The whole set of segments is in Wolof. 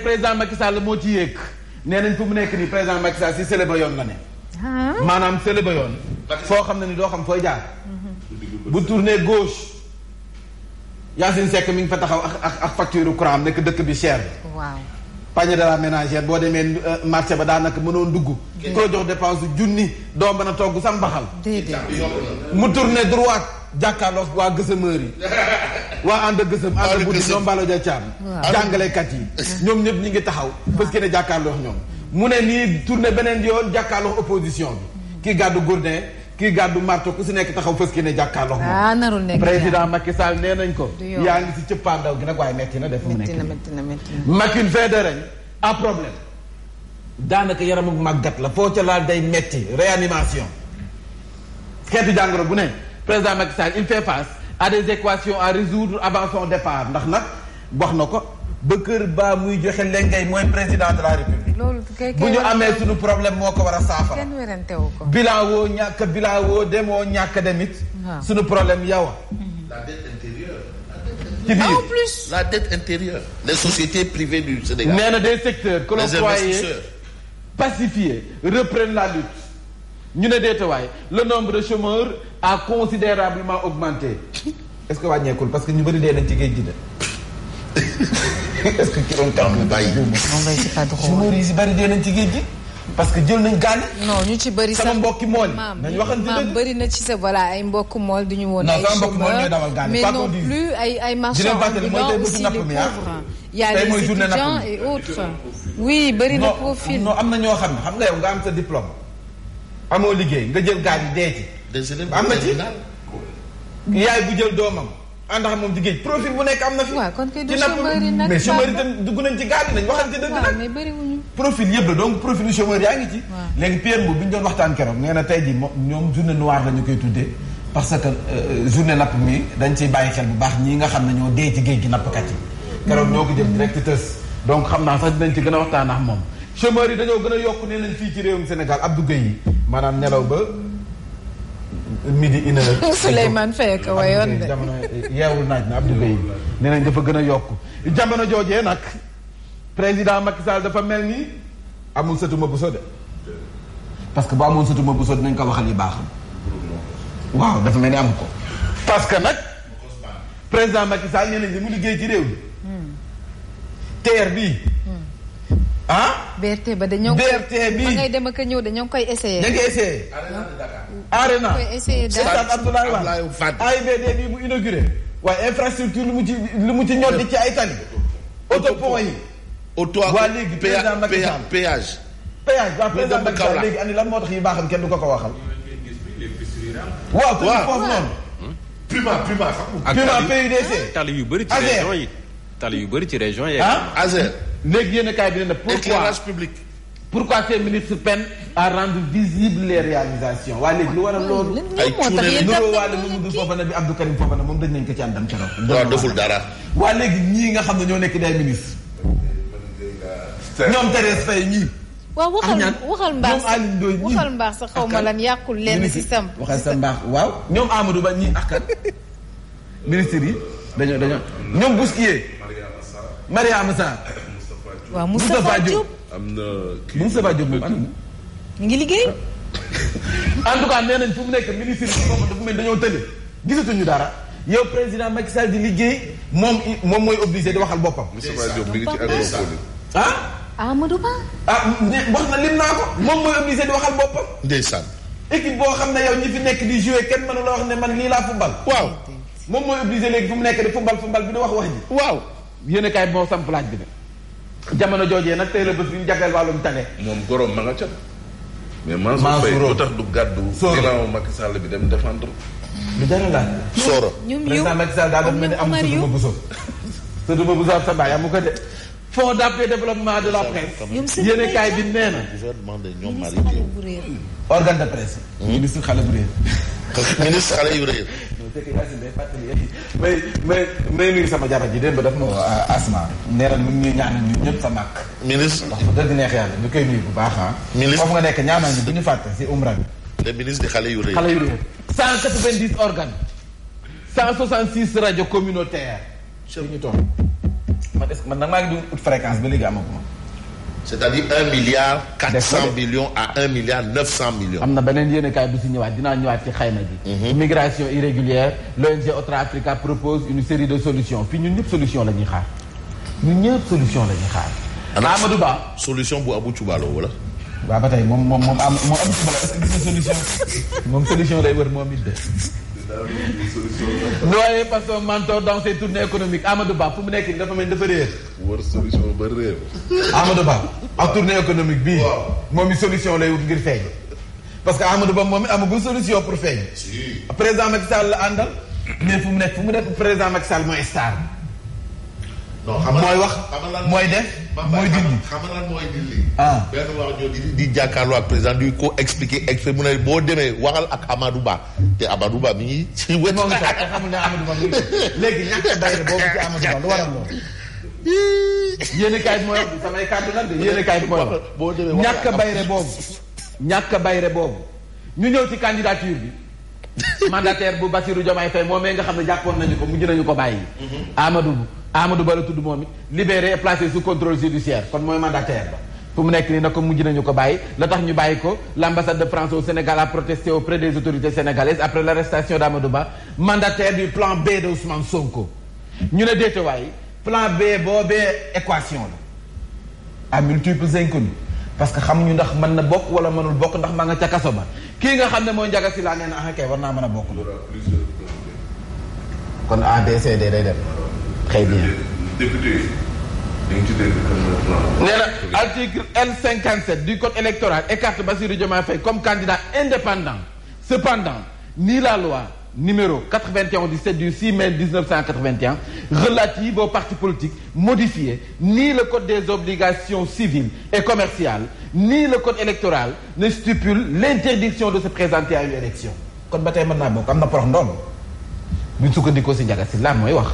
président Macky Sall moo ci yéeg nee nañ mu nekk nii président Macky Sall si yoon la ne. Ah. maanaam sële ba yoon. foo xam ne doo xam fooy jaar. bu tourné gauche. Yacine Seck mi ngi fa taxaw ak ak facture courant nekk dëkk bi cher. waaw panier la ménagère boo demee euh, marché ba daanaka mënoon dugg. ku la jox dépense junni doo mën a togg sam baxal mu tourné droite jàkkaarloog waa gësameur yi. waa ànd a gësëm ànd a ñoom Mballo Dia Thiam jàngalekat yi ñoom ñëpp ñi ngi taxaw parce que ne jàkkaarloo ñoom mu ne nii tourné beneen yoon jàkkaarloo opposition bi mm-hmm. kii gàddu gourdin kii gàddu marto ku si nekk taxaw fës ki ne jàkkaarloo moom ah, président Macky nee nañ ko yaa ngi si cëppaandaw gi nag waaye metti na def mu nekk Macky une fin de règne à problème daanaka yaramu màggat la foo ca laal day metti réanimation xeetu jàngoro bu ne président Macky Sall il fait à des équations à résoudre avant son départ ndax nag wax na ko ba kër ba muy joxe lengay mooy président de la république. bu ñu amee suñu problème moo ko war a saafara. kenn werante wu bilan woo ñàkk bilan woo demoo ñàkk demit suñu problème yow mhm. la ci biir ah, la dette intérieure. les sociétés privées du Sénégal. nee na des secteurs que l'on croyait pacifiés la lutte ñu ne déetawaay le nombre de chômeurs. a considérablement augmenté est-ce que wàññeekul parce que ñu bëri dee nañ ci géej gi de. est-ce que ki doon tax mu bàyyi. dee nañ ci géej gi. parce que jël nañ gaal. non ñu ci bëri sax sama mbokki mool. nañu waxante maam bëri na ci sa voilà ay mbokki mool du ñu woon. ay chômeurs mais non plus ay ay marchands ambulants aussi les ah. pauvres. y a les étudiants et autres. oui bëri na profil. non am na ñoo xam ne xam nga yow nga am sa amoo liggéey nga jël gaal yi dee des élèves am na ci yaay bu jël doomam àndax moom ci géej profil bu nekk am na fi. waaw kon kay du chômeur yi nag nañ ci gaal nañ waxante dëgg mais bëriwuñu. profil yëpp la donc profilu chômeur yaa ngi ci. doon waxtaan keroog nee na tey jii moom ñoom journée noire ñu koy tuddee. parce que euh, journée napp mi dañ ciy bàyyi xel bu baax ñii nga xam ne ñoo dee ci géej gi nappkat yi. keroog ñoo ko jëm direct tës. donc xam naa sax dinañ ci gën a waxtaan ak moom chômeur yi dañoo gën a yokk nee nañ fii ci réewum Sénégal Abdou Gueye yi maanaam nelaw ba midi une heure. Souleymane Faye ko wayoon de jamono yeewul naaj na Abdou Bey nee nañ dafa gën a yokk jamono joojee nag président Macky Sall dafa mel ni amul sëtuma bu sode parce que bu amoon sëtuma bu sode nañ ko waxal yi baaxam waaw dafa mel ni am ko parce que nag président Macky Sall nee nañ li mu liggéey ci réew mi hmm. teer bii ah. BRT ba dañoo koy dem ak a ñëw dañoo koy essayé. arena koy essayé daal Abdoulaye Wade AIBD bi mu inauguré. waaye infrastructure lu mu ci lu mu ci ñor di ci ay tali. autopont yi. autopont waa léegi président Macky Sall péage. péage waa président Macky Sall léegi andi lan yi baaxam kenn du ko ko waxal. waaw waaw foofu noonu. Hmm? Puma Puma yu bëri ci région yi. tali yu bëri ci région yi. ah Azer. léegi yéen a bi ne na pourquoi public. pourquoi ces ministres peinent à rendre visibles les réalisations waa léegi lu war a loolu. ay cuune yi nuroo waale Mamadou Fofana bi Abdou moom dañ nañ ko ci àndam dara. waa léegi nga xam ne ñoo nekk day ministre. ñoom Thérèse Faye ñii. waaw waxal waxal mbaax ñoom Aline Ndoye ñii waxal mbaax sax xaw ma lan yàqul lenn si sam. waxal sa mbaax waaw ñoom Amadou Ba ñii ak kan ministre yi dañoo dañoo ñoom Bousquier. Mariama Sarr. waaw Moustapha Diop am na kii Moustapha Diop moom anam mu ngi liggéey. en tout cas nee nañ mu nekk ministre bi moom dafa mel dañoo tële dara yow président Macky Sall di liggéey moom moom mooy obligé di waxal boppam. Moustapha Diop mi ngi ci agropole. ah. ah na lim naa ko moom mooy obligé di boo xam ne yow fi nekk di jouer kenn mënu la ne man lii laa football. waaw moom mooy obligé mu nekk di football football bi di wax wax ji. waaw yéen a kaay moo samp laaj bi de. jamono joojee nag tey la bés bi ñu jagleel wàllum tàgge. moom gorom ma nga ca. mais Mansour Faye lu tax du gàddu. ginnaaw Macky Sall bi dem défendre. lu dara laaj. Soora ñoom yow président Macky Sall daa doon mel ni am sëduma buso. sëduma buso sa baay amu ko de. fond d'appui développement de la presse. yéene kaay bi nee na. organe de presse. Hmm? ministre xale bu réer. ministre xale yu réer. fekk Yacine day fàttali may may may sama jabar ji démb daf ma ah, asma nee na mu ngi ñuy ñaanal ñun ñëpp sa màkk ministre ndax bu dëgg neex yàlla ñu koy nuyu bu baax ah ministre foofu nga nekk ñaanal bi bu ñu fàtte si umra bi le ministre di xale yu rëy xale yu rëy cent quatre-vingt-dix organes cent soixante-six rajo communautaire ñu toog man est-ce que man nag maa ngi du ut fréquence ba léegi amaguma c'est-à-dire un milliard quatre à un milliard neuf cent millions. am na beneen yéenekaay bi si ñëwaat dinaa ñëwaat ci xayma ji. Mhm. migration irrégulière l'ONG Otra Africa propose une série de solutions fii ñun ñëpp solution la ñuy xaar ñun ñëpp solution la ñuy xaar. Amadou Ba solution bu Abou Thioubalo wala. waa ba tey moom moom moom am moom am solution moom solution lay wër moom it de. doyen Pastor Manto dans ses tournées économiques Amadou Ba fu mu nekk nii dafa mel ni dafa réer. war solution ba réer. Amadou Ba ak tournée économique bii. moom i solution lay wut ngir feeñ. parce que Amadou Ba moom it amagul solution pour feeñ. président Macky Sall la àndal. fu mu nekk fu mu nekk président Macky Sall mooy non xam mooy wax mooy def mooy dindi xam lan mooy dindi. ah benn wax ñoo di di jàkkaarloo ak président di ko expliquer expliquer mu ne boo demee waxal ak Amadou Ba te Amadou Ba mi ngi ci wet. moom sax te xamul ne Amadou Ba a kaay mooy samay kàddu nag de yéen a kaay mooy wax boo demee ñàkk bayre boobu. ñàkk bayre boobu ñu ñëw ci candidature bi. mandataire bu Bassirou Diomaye Faye moom nga xam ne jàppoon nañu ko mujj nañu ko bàyyi. Mm-hmm. Amadou. Amadou Ba la tudd moom it libéré et placé sous contrôle judiciaire kon mooy mandataire ba fu mu nekk nii na ko mujj nañu ko bàyyi la tax ñu bàyyi ko l' ambassade de France au Sénégal a protesté auprès des autorités sénégalaises après l' arrestation d' Amadou Ba mandataire du plan B de Ousmane Sonko. ñu ne déetewaay plan B boobee équation la à multiples inconnus parce que xamuñu ndax mën na bokk wala mënul bokk ndax maa nga ca kaso ba kii nga xam ne mooy njaga si laa war naa mën a bokk. kon A B C D day dem. très bien député nee na article L57 du code électoral écarte Bassirou Diomaye Faye comme candidat indépendant ni la loi numéro 91-17 du 6 mai 1981 relative aux partis politiques modifiée ni le code des obligations civiles et commerciales ni le code électoral ne stipule l'interdiction de se présenter à une tey mën naa bokk am na porox ndoom buñ sukkandikoo si njaga si mooy wax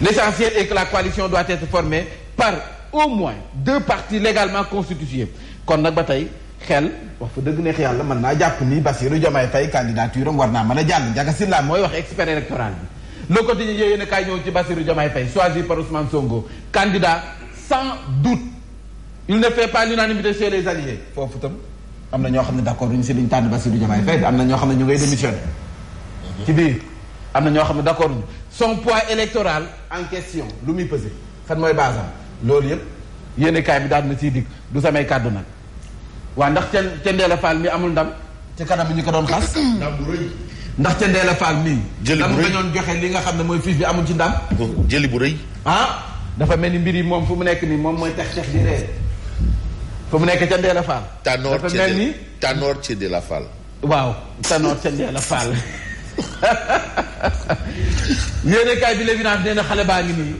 L'essentiel est que la coalition doit être formée par au moins deux partis légalement constitués kon nag ba tey xel wax fa dëgg neex yàlla mën naa jàpp ni Bassirou Diomaye Faye candidature am war naa a jàll Ndiaga Sylla mooy wax expert électoral bi. le quotidien yéen a kaay ñëw ci Bassirou Diomaye par Ousmane Sonko candidat sans doute il ne fait pas l'unanimité chez les alliés foofu itam am na ñoo xam ne d'accord duñu si liñ tànn Bassirou Diomaye Faye am na ñoo xam ne ñu ngay démissionné ci biir. am na ñoo xam ne d'accord son poids électoral en question lu muy pesé fan mooy base loolu yëpp yéen bi daal na ciy dikk du samay kàddu nag waa ndax ca ca Ndeela Fall mi amul ndam ci kanam ñu ko doon xas. ndam bu rëy. ndax mii. jëli bu rëy ndam li nga xam ne mooy fiche bi amul ci ndam. Oh, jëli bu rëy. ah dafa mel ni mbir yi moom fu mu nekk nii moom mooy tex tex mu nekk ca Ndeela Fall. dafa mel ni Tanor ca Ndeela Fall. waaw Tanor ca Ndeela yéene kaay bi l'évidence nee na xale baa ngi nii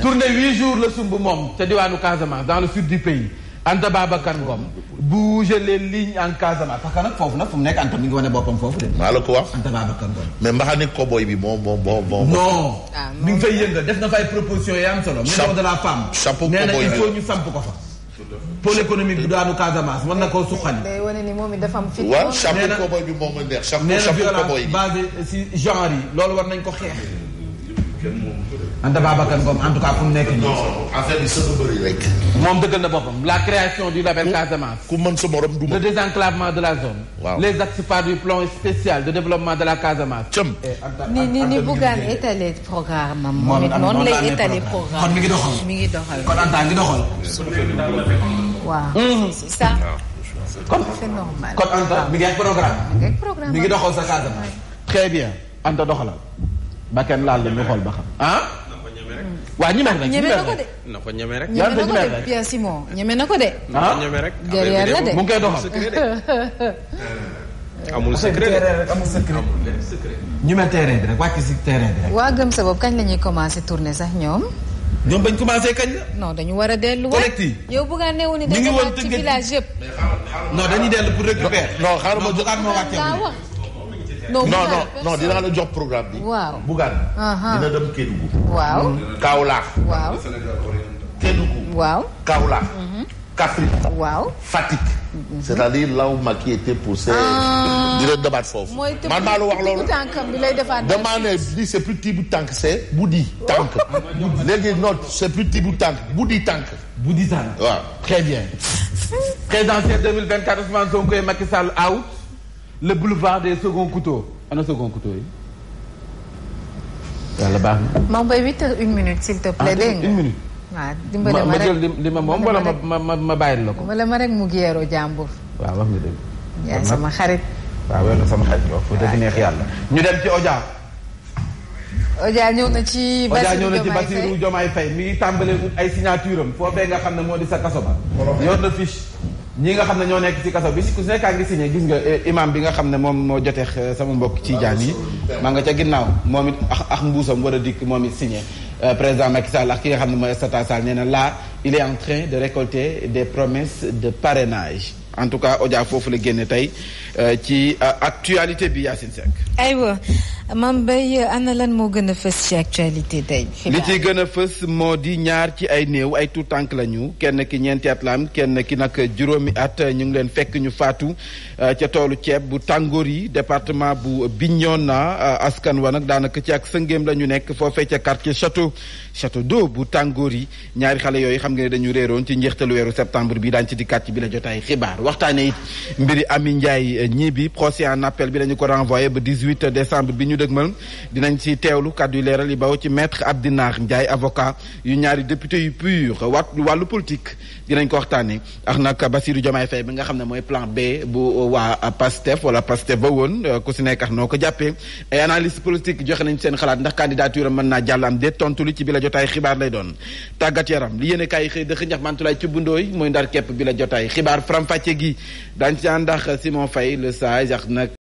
tourné huit jours la sumb moom ca diwaanu Casamance dans le sud du pays Anta Babacar Ngom bouger les lignes en Casamance parce que nag foofu nag fu mu nekk Anta mi ngi wane boppam foofu de. maa la Anta Babacar Ngom. mais mbaxane cowboy bi moom moom moom moom. non ah, mi ngi fay yëngal def na fay proposition yi am solo. chapeau de la femme. chapeau cowboy nee na il faut ñu samp ko fa. pôle économique bu daanu Casamance mën na koo suqali. day wane ni moom it dafa am. fit ko chapeau cowboy bi moom a neex. chapeau chapeau cowboy yi nee na violence basée si genre loolu war nañ ko xeex. kenn moomu ko de. Anta Babacar Ngom en tout cas fu mu la création du label Casamance. ku mën sa du ma. le désenclavement de la zone. waaw les axes phares du plan spécial de développement de la Casamance. cëm. Eh, ni ni ni Bougane étaler programme am. moom it noonu lay étaler programme kon mi ngi doxal. mi ngi doxal kon Anta mm-hmm. ah, mi ngi ak programme. mi ngi doxal sa Casamance. très bien Anta doxalal. ba kenn laal la ñu xool ba xam ah. waa ñeme rek ñeme na ko de. ñeme rek. ñeme na ko de ñeme na ko de. ah ñeme rek. guerrière la de mu ngi koy doxal. amul secret de amul secret. ñu mel terrain bi rek wàcc si terrain bi rek. waa gëm sa bopp kañ lañuy ñuy commencé tourner sax ñoom. ñoom bañ commencé kañ la. non dañu war a dellu collecte yi. yow bu nga newoon ni dañu ci village yëpp. noon dañuy dellu pour récupérer. non xaaral ma jox ak ma wàcce non non non dinaa la jox programme bi. waaw Bougane. dina dem Kédougou. waaw Kaolack. waaw Kédougou. waaw Kaolack. Mhm. Kaffrine. waaw Fatick. Mhm. c'est-à-dire là où Macky était poussé. Ah. dina demaat foofu. man maa la wax loolu tànkam bi lay defaat. damaa ne lii c'est plus tibu tànk c'est buddi tànk. léegi non c'est plus tibu tànk buddi tànk. buddi tànk waaw. très bien. présidentielle 2024 Ousmane Sonko et Macky Sall out. le boulevard des seconds couteaux ana second couteau yi yàlla baax na. Mame Mbaye huit heures une minute s'il te plaît. Ah, dégg nga une minute. waaw dimbale ma rek ma li ma moom wala ma ma ma bàyyil la ko. wala ma rek mu géeroo jàmbur. waaw wax nga dëgg. yaa sama xarit. waaw wala sama xarit wax fu dëgg neex yàlla. ñu dem ci Odia. Odia ñëw na ci. Bassirou Diomaye Faye Odia ñëw na ci Bassirou Diomaye Faye mi ngi ay signature am foo bee nga xam ne moo di sa kaso ba. yor na fiche. ñi nga xam ne ñoo nekk ci kaso bi ku si nekkaa ngi signé gis nga eh, imam bi nga xam ne moom moo jotee eh, sama mbokk ci jaan yi maa nga ca ginnaaw moom it ax ak mbuusam war a dikk moom it signé euh, président Macky Sall ak ki nga xam ne mooy Tata Sall nee na là il est en train de récolter des promesses de parrainage en tout cas Odia foofu la génne tey euh, ci euh, actualité bi Yacine Seck aywa Mame Mbaye ana moo gën a fës ci actualité tey. li ci gën a fës moo di ñaar ci ay néew ay tout tànk la ñu kenn ki ñeenti at la kenn ki nag juróomi at ñu ngi leen fekk ñu faatu uh, ca toolu ceeb bu Tangori département bu Bignona uh, askan wa nag daanaka ci ak sëngéem la ñu nekk foofee ca quartier château château d'eau bu Tangori ñaari xale yooyu xam nga ne dañu réeroon ci njeextalu weeru septembre bi daañu ci dikkaat ci bi la jotaay xibaar waxtaanee it mbiri Ami Ndiaye uh, ñii bi la ko dëgmal dinañ si teewlu kàddu yu leeral yi bawo ci maître Abdinaar Ndiaye avocat yu ñaari député yu pur wat wàllu politique dinañ ko waxtaanee ak nag Bassirou Diomaye Faye bi nga xam ne mooy plan B bu waa PASTEF wala PASTEF ba woon ku si nekk ak noo ko jàppee ay analyse politique joxe nañ seen xalaat ndax candidature mën naa jàll am déet tontu li ci bi la jotaay xibaar lay doon tàggat yaram li yéen kaay yi xëy dëkk ñax mantulaay ci bundooy mooy ndar képp bi la jotaay xibaar faram fàcce gi daañ ci ànd ak Simon Faye le sage ak nag